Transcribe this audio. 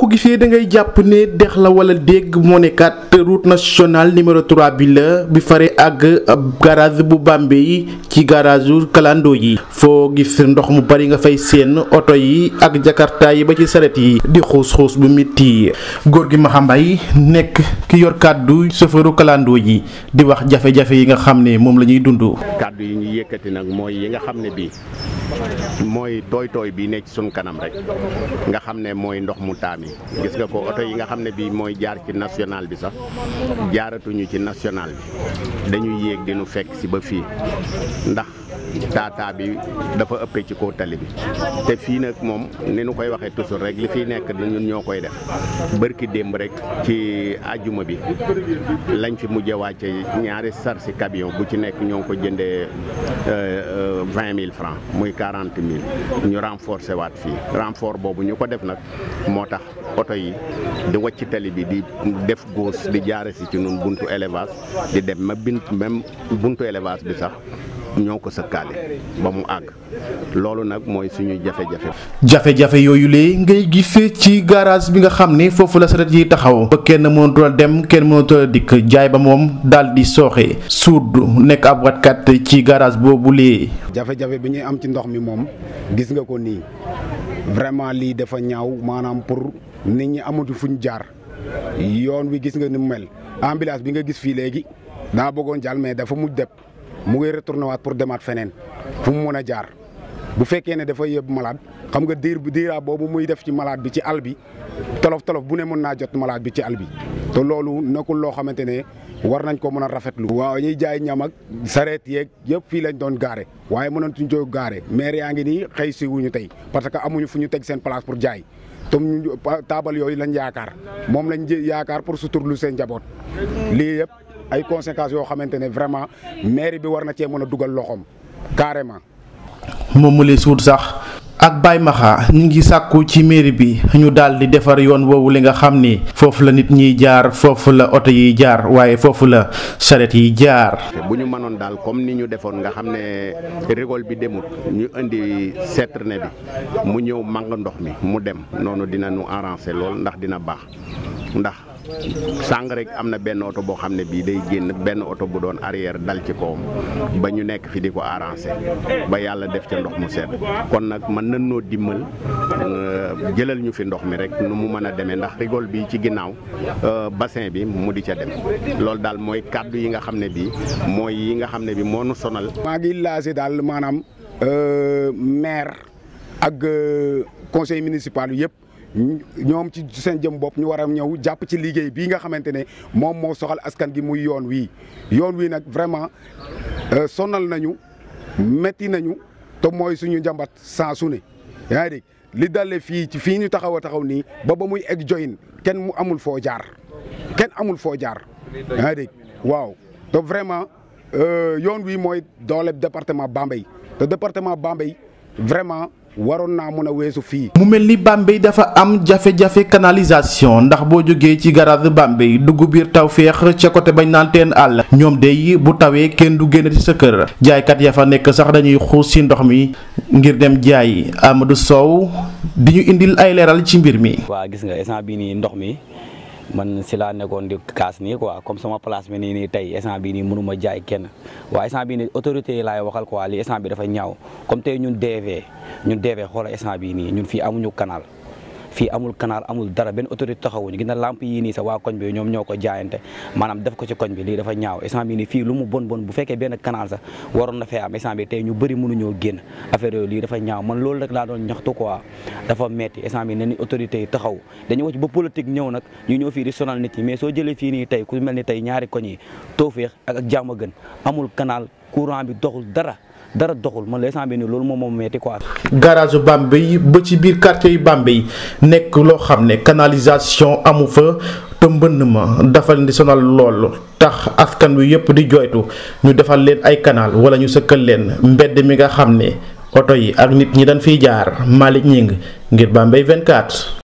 ko gisee da ngay jàpp ne dex la wala dégg moo nekkaat route nationale numéro 3 bi la bi fare ak garage bu Bambey yi ci garage u kalandoo yi foo gis ndox mu bari nga fay seen oto yi ak jakarta yi ba ci saret yi di xuus-xuus bu metti góor gi Maxambay nekk ki yor kàddu chauffeuru kalandoo yi di wax jafe-jafe yi nga xam ne moom la ñuy dund kàddu yi ñu yëkkati nag mooy yi nga xam ne bii mooy tooy tooy bi nekk ci suñ kanam rek nga xam ne mooy ndox mu taam taami gis nga ko oto yi nga xam ne bii mooy jaar ci national bi sax jaaratuñu ci national bi dañuy yéeg di fekk si ba fii ndax taataa bi dafa ëpp ci kaw tali bi te fii nag moom ni nu koy waxee toujours rek li fiy nekk ñun ñoo koy def bërki démb rek ci ajuma bi lañ fi mujje wàcce ñaari sarsi camion bu ci nekk ñoo ngi ko jëndee euh, euh, vingt mille francs muy quarante mille ñu renforcer waat fii renfort boobu ñu ko def nag moo tax oto yi di wàcc tali bi di def góos di jaare si ci ñun buntu élevage di dem ma bint même buntu élevage bi sax ñoo ko sëkkaale ba mu àgg loolu nag mooy suñuy jafe-jafe. jafe-jafe yooyu lee ngay gisee ci garage bi nga xam ni foofu la saret yi taxaw ba kenn mënatul dem kenn mënatul dikk jaay ba moom dal di sooxe suud nekk ab watkat ci garage boobu lee. jafe-jafe bi ñuy am ci ndox mi moom gis nga ko nii vraiment lii dafa ñaaw maanaam pour nit ñi fu ñu jaar yoon wi gis nga ni mu mel ambulance bi nga gis fii léegi daa bëggoon jàll mais dafa mujj dëpp mu ngi retourné pour demaat feneen fu mu mën a jaar bu fekkee ne dafa yëb malaat xam nga diir diiraa boobu muy def ci malaat bi ci àll bi tolof tolof bu ne mën naa jot malaat bi ci àll bi te loolu nekkul loo xamante ne war nañ ko mën a rafetlu. waaw ñuy jaay ñam ak sareet yeeg yëpp fii lañ doon gaare waaye mënatuñ ko gaare maire yaa ngi nii xëy si tey parce que amuñu fu ñu teg seen place pour jaay. tom taabal yooyu lañ yaakaar moom lañ yaakaar pour suturlu seen njaboot lii yëpp ay conséquences yoo xamante ne vraiment maire bi war na cee mën a dugal loxoom carrément. moom mu li suut sax. ak Baye Maxa ñu ngi sàkku ci maire bi ñu daal di defar yoon woowu li nga xam ni foofu la nit ñiy jaar foofu la oto yiy jaar waaye foofu la charrette yi jaar. bu ñu mënoon daal comme ni ñu defoon nga xam ne rigole bi demut ñu indi citerne bi mu ñëw màng ndox mi mu dem noonu dina ñu arranger loolu ndax dina baax ndax. sàng rek am na benn oto boo xam ne bii day génn benn oto bu doon arrière dal ci kawam ba ñu nekk fi di ko arrangé ba yàlla def ca ndox mu sedd kon nag mën nañ noo dimbal euh, jëlal ñu fi ndox mi rek nu mu mën a demee ndax rigole bi ci ginnaaw euh, bassin bi mu di ca dem loolu daal mooy kàddu yi nga xam ne bii mooy yi nga xam ne bii moo nu sonal. maa ngi laajee daal maanaam euh, maire ak conseil municipal yëpp. ñoom ci seen jëm bopp ñu war a ñëw jàpp ci liggéey bii nga xamante ne moom moo soxal askan gi muy yoon wii yoon wii nag vraiment euh, sonal nañu metti nañu te mooy suñu njàmbat saa su ne yaa ngi dégg li dalee fii ci fii ñu taxaw a taxaw nii ba ba muy egg joyin kenn mu amul foo jaar kenn amul foo jaar yaa ngi dégg waaw te vraiment euh, yoon wii mooy doole département Bambey te département Bambey vraiment waroon naa mën a weesu fii. mu mel ni Bambey dafa am jafe-jafe canalisation ndax boo jógee ci garage Bambey dugg biir taw féex ca côté bañ naan teen àll ñoom de bu tawee kenn du génn ci sa kër jaaykat ya fa nekk sax dañuy xuus ci ndox mi ngir dem jaay Amadou Sow di ñu indil ay leeral ci mbir mi. waa gis nga instant bii nii ndox mi. man si laa nekkoon di kaas nii quoi comme sama place bi nii tey instant bi nii mënuma jaay kenn waaye instant bi autorité yi laay waxal quoi lii instant bi dafa ñaaw comme tey ñun DV ñun DV xoola instant bi nii ñun fii amuñu canal fii amul canal amul dara benn autorité taxawuñu gis na lamp yii nii sa waa koñ bi ñoom ñoo ko jaayante maanaam def ko ci koñ bi lii dafa ñaaw instant bi nii fii lu mu bon bon bu fekkee benn canal sax waroon na fee am instant bi tey ñu bëri mënuñoo génn affaire yooyu lii dafa ñaaw man loolu rek laa doon ñaxtu quoi dafa metti instant bi ni autorité yi taxaw dañu wacc ba politique ñëw nag ñu ñëw fii di sonal nit ñi mais soo jëlee fii nii tey ku mel ni tey ñaari koñ yi Tawfekh ak ak Diamaguène amul canal courant bi doxul dara dara doxul man l'instant bi nii loolu moom moo metti quoi. garage Bambey ba ci biir quartier yu Bambey nekk loo xam ne canalisation amu fa te ma dafa leen di sonal lool tax askan wi yëpp di joytu ñu defal leen ay canal wala ñu sëkkal leen mbedd mi nga xam ne oto yi ak nit ñi dañ fiy jaar Malick Gningue ngir Bambey 24.